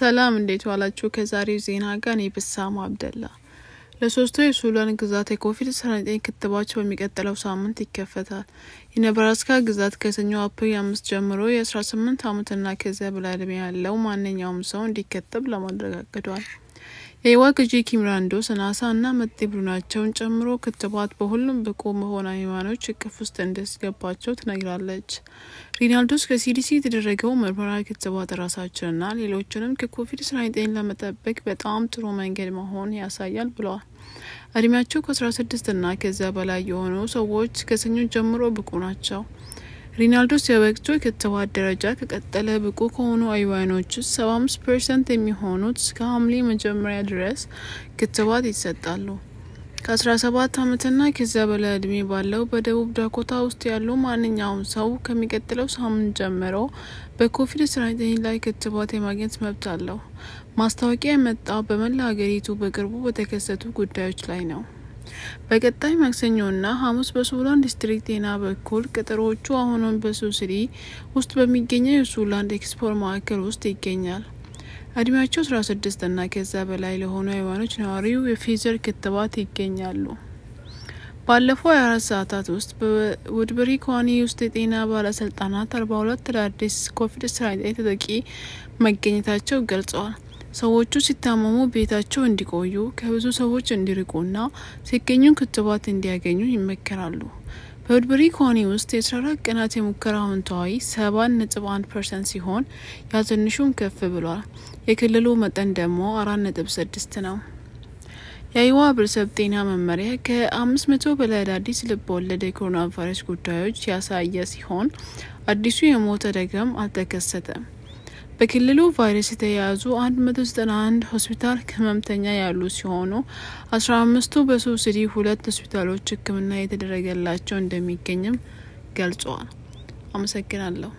ሰላም እንዴት ዋላችሁ? ከዛሬው ዜና ጋር እኔ ብሳሙ አብደላ። ለሶስቱ የሱዳን ግዛት የኮቪድ-19 ክትባቸው በሚቀጥለው ሳምንት ይከፈታል። የነብራስካ ግዛት ከሰኞ አፕሪል አምስት ጀምሮ የ18 ዓመትና ከዚያ በላይ ዕድሜ ያለው ማንኛውም ሰው እንዲከተብ ለማድረግ አቅዷል። የህዋ ገዢ ኪምራንዶ ሰናሳ እና መጤ ቡድናቸውን ጨምሮ ክትባት በሁሉም ብቁ መሆን ሃይማኖች እቅፍ ውስጥ እንደስገባቸው ትነግራለች። ሪናልዶስ ከሲዲሲ የተደረገው ምርመራ ክትባት ራሳችንና ሌሎችንም ከኮቪድ 19 ለመጠበቅ በጣም ጥሩ መንገድ መሆን ያሳያል ብለዋል። እድሜያቸው ከ16 እና ከዚያ በላይ የሆኑ ሰዎች ከሰኞ ጀምሮ ብቁ ናቸው። ሪናልዶ ሲያበቅቶ የክትባት ደረጃ ከቀጠለ ብቁ ከሆኑ አይዋኖች ውስጥ 75 ፐርሰንት የሚሆኑት እስከ ሐምሌ መጀመሪያ ድረስ ክትባት ይሰጣሉ። ከ17 ዓመትና ከዚያ በላይ እድሜ ባለው በደቡብ ዳኮታ ውስጥ ያሉ ማንኛውም ሰው ከሚቀጥለው ሳምንት ጀምሮ በኮቪድ-19 ላይ ክትባት የማግኘት መብት አለው። ማስታወቂያ የመጣው በመላ ሀገሪቱ በቅርቡ በተከሰቱ ጉዳዮች ላይ ነው። በቀጣይ ማክሰኞና ሐሙስ በሱላንድ ዲስትሪክት ጤና በኩል ቅጥሮቹ አሁንም በሱስሪ ውስጥ በሚገኘው የሱላንድ ኤክስፖር ማዕከል ውስጥ ይገኛል። እድሜያቸው 16 እና ከዛ በላይ ለሆኑ ሃይማኖች ነዋሪው የፊዘር ክትባት ይገኛሉ። ባለፈው 24 ሰዓታት ውስጥ በውድበሪ ከዋኒ ውስጥ የጤና ባለስልጣናት 42 አዳዲስ ኮቪድ-19 ተጠቂ መገኘታቸው ገልጸዋል። ሰዎቹ ሲታመሙ ቤታቸው እንዲቆዩ ከብዙ ሰዎች እንዲርቁና ሲገኙን ክትባት እንዲያገኙ ይመከራሉ። በውድብሪ ኮኒ ውስጥ የ14 ቀናት የሙከራ አዎንታዊ 7.1 ፐርሰንት ሲሆን ያ ከፍ ብሏል። የክልሉ መጠን ደግሞ 4.6 ነው። የአይዋ ህብረተሰብ ጤና መመሪያ ከ500 በላይ አዳዲስ ልብ ወለድ የኮሮና ቫይረስ ጉዳዮች ያሳየ ሲሆን አዲሱ የሞተ ደግም አልተከሰተም። በክልሉ ቫይረስ የተያያዙ 191 ሆስፒታል ህመምተኛ ያሉ ሲሆኑ 15ቱ በሱብሲዲ ሁለት ሆስፒታሎች ህክምና የተደረገላቸው እንደሚገኝም ገልጸዋል። አመሰግናለሁ።